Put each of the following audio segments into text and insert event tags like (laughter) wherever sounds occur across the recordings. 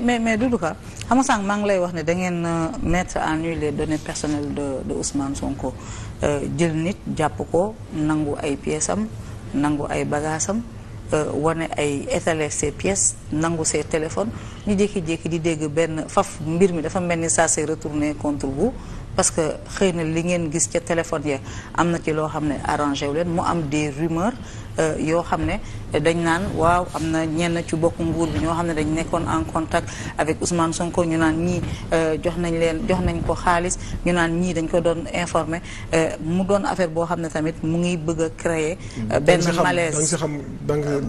mais mais Doudou Ka xam nga sànq maa ngi lay wax ne da ngeen euh, mettre en nu les données personnelles de de Ousmane Sonko euh, jël nit jàpp ko nangu ay pièces nangu ay bagages am euh, wane ay étaler ses pièces nangu ses téléphone ñu jékki-jékki di dégg benn faf mbir mi dafa mel ni ça s'est retourné contre vous parce que xëy na li ngeen gis ca téléphone ya am na ci loo xam ne arrangé wu leen mu am de rumeurs euh, yoo xam ne dañ naan waaw am na ñenn ci bokk nguur bi ñoo xam ne dañ nekkoon en contact avec Ousmane Sonko ñu naan ñii euh, jox nañ leen jox nañ ko xaalis ñu naan ñii dañ ko doon informer euh, mu doon affaire boo xam ne tamit mu ngi bëgg a créer benn malaise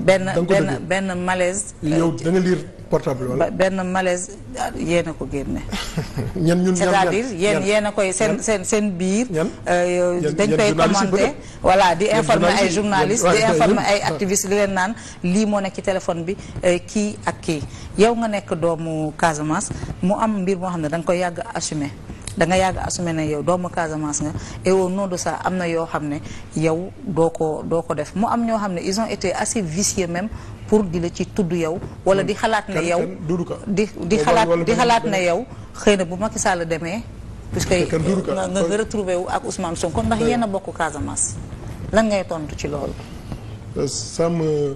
benn benn benn malaise yow da nga portable wala benn malaise yéen a ko génne. (laughs) ñan c'est-à-dire yéen yéen a koy seen seen seen biir. Euh, dañ koy commenter voilà di informer ay journalistes di informer ay ah. activistes li leen naan lii moo nekk ci téléphone bi euh, kii ak kii yow nga nekk doomu Casamance mu am mbir moo xam ne danga koy yàgg assumer. da nga yàgg assumé ne yow doomu Casamance nga et au nom am na yoo xam ne yow doo ko doo ko def mu am ñoo xam ne ils ont été assez vicieux même pour di la ci tudd yow wala di xalaat ne yow di di xalaat di xalaat ne yow xëy na bu Macky Sall demee puisque nga nga retrouvé wu ak Ousmane Sonko ndax yenn a bokk Casamance lan ngay tontu ci loolu sam euh,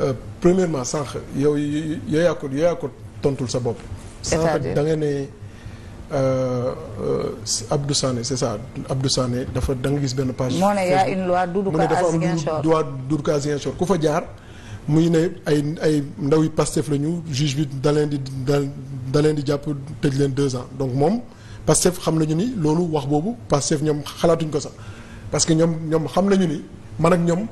euh, premièrement sànq yow yaa yaa ko tontul sa bopp sànq da nga ne Euh, euh, Abdou Sané c'est ça Abdou Sané dafa da gis benn page. moo ne y a une loi Doudou ne dafa am Doudou Ka ku fa jaar. muy ne ay ay ndaw yi Pastef la ñu juge bi da leen di da leen di jàpp tëj leen deux ans donc moom Pastef xam nañu ni loolu wax boobu Pastef ñoom xalaatuñ ko sax parce que ñoom ñoom xam nañu ni man ak ñoom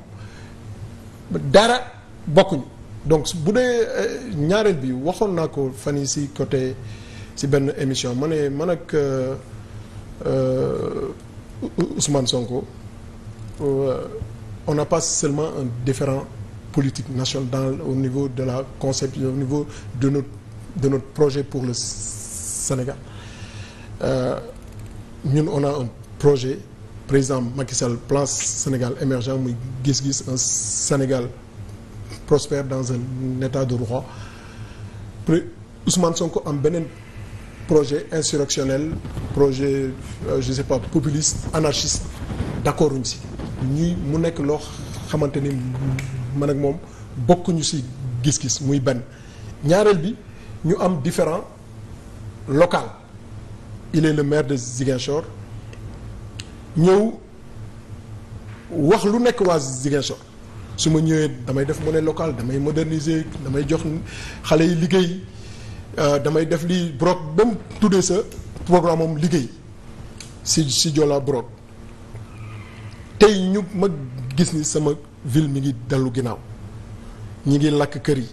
dara bokkuñu donc bu dee euh, ñaareel bi waxoon naa ko fan yi si côté. si benn émission ma ne man ak euh, euh, Ousmane Sonko euh, on n'a pas seulement un différent politique national dans au niveau de la conception au niveau de notre projet pour le Sénégal ñun on a un projet président Macky Sall plan Sénégal émergent muy gis-gis un Sénégal prospère dans un état de droit Ousmane Sonko am beneen projet insurrectionnel projet euh, je sais pas populiste anarchiste d'accorduñ si ñuy mu nekk loo xamante ni man ak moom bokkuñu si gis-gis muy benn ñaareel bi ñu am différent local il est le maire de Ziguinchor ñëw wax lu nekk waa Ziguinchor su ma ñëwee damay def monnaie locale damay moderniser damay jox xale yi liggéey Euh, damay def lii Brock ba mu tuddee sa programme am liggéey si si Joola Brock tey ñu ma gis ni sama ville mi ngi dellu ginnaaw ñi ngi lakk kër yi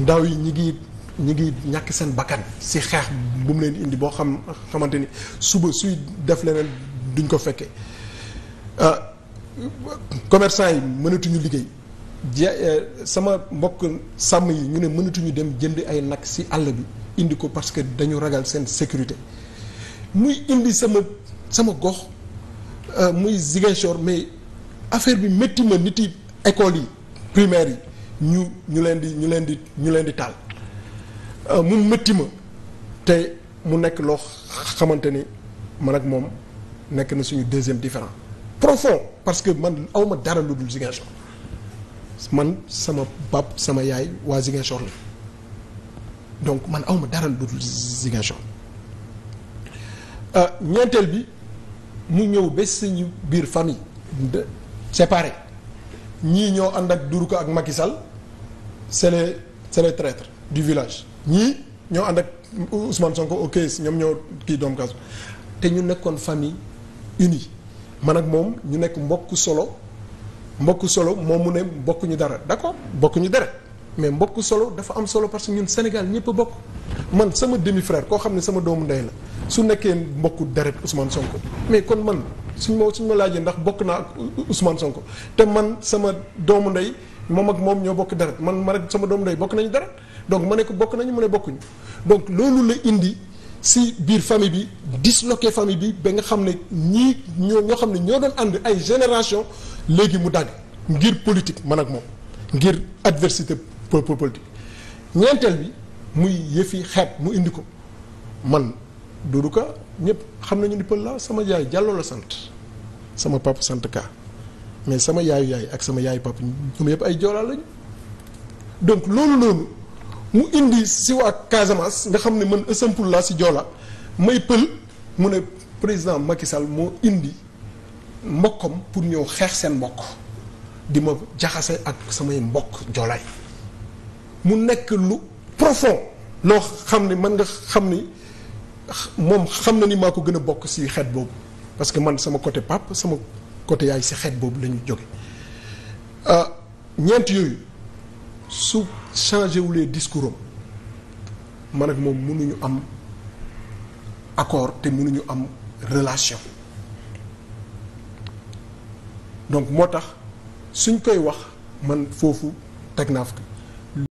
ndaw yi ñi ngi ñi ngi ñàkk seen bakkan si xeex bu mu leen indi boo xam xamante ni suba suy def leneen duñ ko fekkee euh, commerçant yi mënatuñu liggéey ja euh, sama mbokk sàmm yi ñu ne mënatuñu dem jënd ay nag si àll bi indi ko parce que dañu ragal seen sécurité muy indi sama sama gox euh, muy Ziguinchor mais affaire bi métti ma nit écoles yi primaires yi ñu ñu leen di ñu leen di ñu leen di taal euh, mu métti ma te mu nekk loo xamante ni man ak moom nekk na suñu deuxième différent profond parce que man awma dara lu dul Ziguinchor man sama bàpp sama yaay waa Ziguinchor la donc man awma dara lu dul Ziguinchor euh, ñeenteel bi mu ñëw ba suñu biir famille de séparé ñii ñoo ànd ak Duruka ak makisal Sall c'est les du village ñii ñoo ànd ak Ousmane Sonko ok ñoom ñoo kii doom kaas te ñu nekkoon famille uni man ak moom ñu nekk mbokk solo mbokk solo moom mu ne bokkuñu dara d'accord bokkuñu dara mais mbokk solo dafa am solo parce que ñun Sénégal ñëpp a bokk man sama demi frère koo xam ne sama doomu ndey la su nekkee mbokku deret Ousmane Sonko mais kon man suñ ma suñ ma laajee ndax bokk naa ak Sonko te man sama doomu ndey moom ak moom ñoo bokk deret man ma sama doomu ndey bokk nañu deret donc ma ne ko bokk nañu mu ne bokkuñu donc loolu la indi si biir famille bi disloqué famille bi ba nga xam ne ñii ñoo ñoo xam ne ñoo doon ànd ay génération léegi mu dagg ngir politique man ak moom ngir adversité politique ñeenteel bi muy yëfi xeet mu indi ko man Doudou Ka ñëpp xam nañu ni pël la sama yaay Diallo la sant sama papa sant Ka mais sama yaayu yaay ak sama yaayu papa ñoom yëpp ay joolaa lañu donc loolu noonu mu indi si Casamance nga xam ne man ësampul laa si joolaa may pël mu ne président Macky Sall moo indi mbokkam pour ñëw xeex seen mbokk di ma jaxase ak samay mbokk joolaay mu nekk lu profond loo xam ne man nga xam ni moom xam na ni maa ko gën a bokk si xeet boobu parce que man sama côté pap sama côté yaay si xeet boobu la ñu jóge euh, ñeent yooyu su changé wulee discours am man ak moom mënuñu am accord te mënuñu am relation donc moo tax suñ koy wax man foofu teg naa fa